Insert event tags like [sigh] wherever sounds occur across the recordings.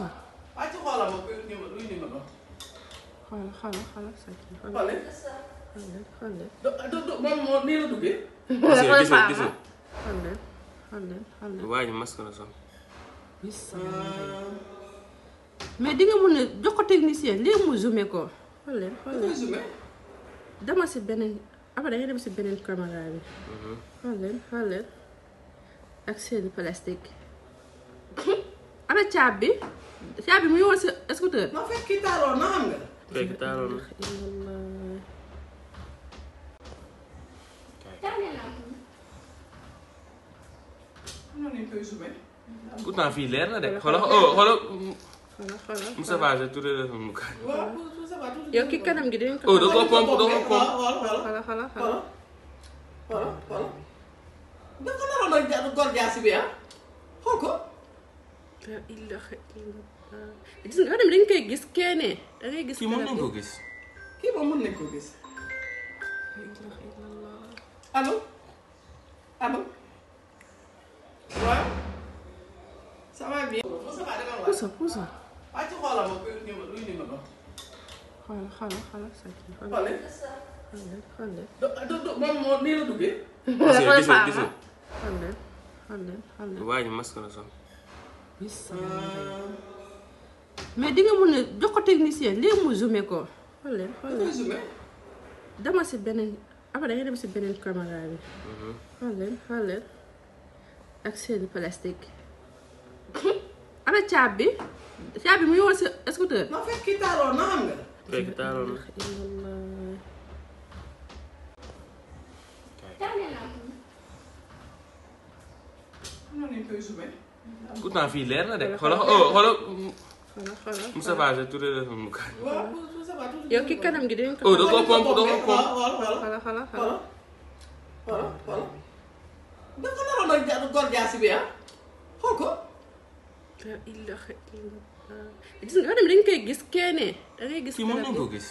ça. waa ci xoolal ma luy numéro. xoolal xoolal xoolal sa kii. xoolal xoolal. do mais di nga mun a jox ko technicien léegi mu zoomé ko. xoolal xoolal dama si beneen après da nga si beneen caméra bi. Mhm. xoolal xoolal ak seen plastique. [laughs] ana caab bi. caabi mu ñëwoon sa scooter. ma fekk ki taaloon na xam nga. fekk taaloon na. pourtant fii leer na de xoolal oh xoolal. Moustapha Touré tuddee la sama mukaay. yow ki kanam gi dinañ ko. oh da koo pomp da koo pomp. xoolal xoolal xoolal. xoolal xoolal. dafa naroon a gor jaasi bi ah xool ko. gis nga dem dañ koy gis keneen da ngay gis. kii mën nañ ko gis. kii moom mën nañ ko gis. allo allo. waaw. ça va bien. puso [laughs] ñu masque la sax. mais di nga mun a jox ko technicien léegi mu zoomé ko dama si beneen après da dem si beneen caméra bi. Mhm. xool leen ak seen plastique. [laughs] ana caab bi caab bi mu ngi woon sa scooter. non fekk ki taaloon na xam nga. fekk taaloon na. pourtant fii leer na de xoolal xoolal. Moustapha Touré Touré la mu kaay. yow ki kanam gi dañ ko. oh da koo pomp da koo pomp. xoolal xoolal xoolal. xoolal xoolal. dafa naroon ak ja góor jaasi bi ah xool ko. gis nga xam ne dañ koy gis keene da gis. kii mën nañ koo gis.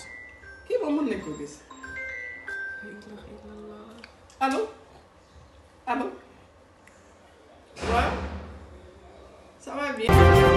kii moom mën nañ koo gis. allo allo. Sama bien.